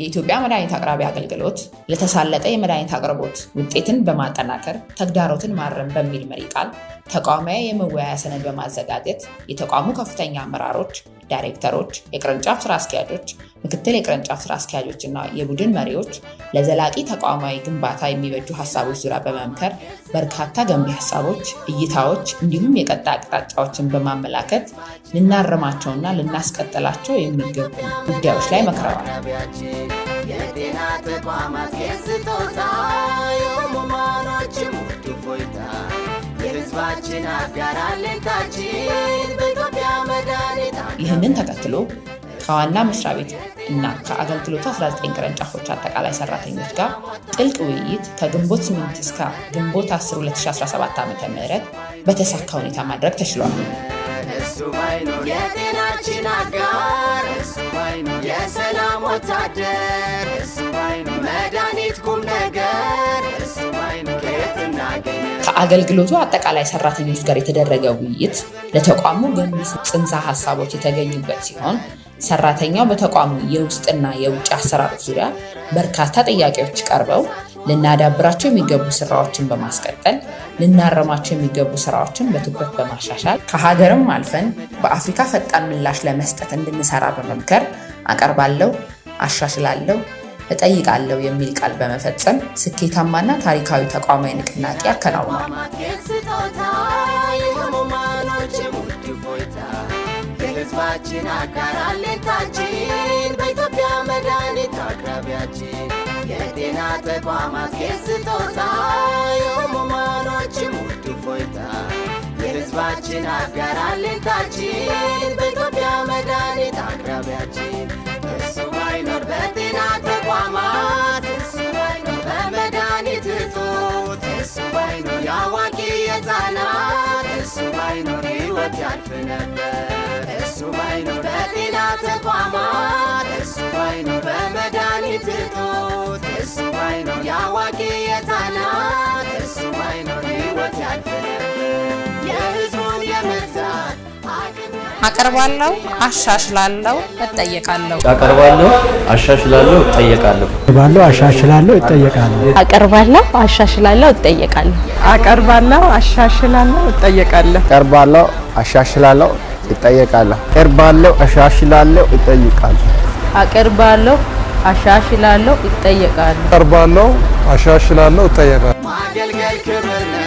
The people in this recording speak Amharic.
የኢትዮጵያ መድኃኒት አቅራቢ አገልግሎት ለተሳለጠ የመድኃኒት አቅርቦት ውጤትን በማጠናከር ተግዳሮትን ማረም በሚል መሪ ቃል ተቋማዊ የመወያያ ሰነድ በማዘጋጀት የተቋሙ ከፍተኛ አመራሮች ዳይሬክተሮች፣ የቅርንጫፍ ስራ አስኪያጆች፣ ምክትል የቅርንጫፍ ስራ አስኪያጆች እና የቡድን መሪዎች ለዘላቂ ተቋማዊ ግንባታ የሚበጁ ሀሳቦች ዙሪያ በመምከር በርካታ ገንቢ ሀሳቦች፣ እይታዎች እንዲሁም የቀጣ አቅጣጫዎችን በማመላከት ልናርማቸውና ልናስቀጥላቸው የሚገቡ ጉዳዮች ላይ መክረዋል። የጤና ተቋማት የስጦታ የህዝባችን አጋራ ሌንታችን ይህንን ተከትሎ ከዋና መስሪያ ቤት እና ከአገልግሎቱ 19 ቅርንጫፎች አጠቃላይ ሰራተኞች ጋር ጥልቅ ውይይት ከግንቦት 8 እስከ ግንቦት 10 2017 ዓ ም በተሳካ ሁኔታ ማድረግ ተችሏል። የጤናችን አጋር የሰላም ወታደር ከአገልግሎቱ አጠቃላይ ሰራተኞች ጋር የተደረገ ውይይት ለተቋሙ ገንቢ ጽንሰ ሀሳቦች የተገኙበት ሲሆን ሰራተኛው በተቋሙ የውስጥና የውጭ አሰራር ዙሪያ በርካታ ጥያቄዎች ቀርበው ልናዳብራቸው የሚገቡ ስራዎችን በማስቀጠል ልናረማቸው የሚገቡ ስራዎችን በትኩረት በማሻሻል ከሀገርም አልፈን በአፍሪካ ፈጣን ምላሽ ለመስጠት እንድንሰራ በመምከር አቀርባለሁ፣ አሻሽላለሁ እጠይቃለሁ የሚል ቃል በመፈጸም ስኬታማና ታሪካዊ ተቋማዊ ንቅናቄ አከናውኗል። ህዝባችን አጋራለን ታችን በኢትዮጵያ መድኃኒት አቅራቢያችን የጤና ተቋማት ስጦታ የህሙማኖች ሙድ የህዝባችን አጋራለን እሱ ባይኖር ሕይወት ያልፍ ነበር። እሱ ባይኖር በጤና ተቋማት፣ እሱ ባይኖር በመድኃኒት እጦት፣ እሱ ባይኖር የአዋቂ አቀርባለሁ፣ አሻሽላለሁ፣ እጠየቃለሁ። አቀርባለሁ፣ አሻሽላለሁ፣ እጠየቃለሁ። አቀርባለሁ፣ አሻሽላለሁ፣ እጠየቃለሁ። አቀርባለሁ፣ አሻሽላለሁ፣ እጠየቃለሁ። አቀርባለሁ፣ አሻሽላለሁ፣ እጠየቃለሁ። አቀርባለሁ፣ አሻሽላለሁ፣ እጠየቃለሁ። አቀርባለሁ፣ አሻሽላለሁ፣ እጠየቃለሁ። አቀርባለሁ፣ አሻሽላለሁ፣ እጠየቃለሁ። አቀርባለሁ፣ አሻሽላለሁ፣ እጠየቃለሁ። ማገልገል ክብር ነው።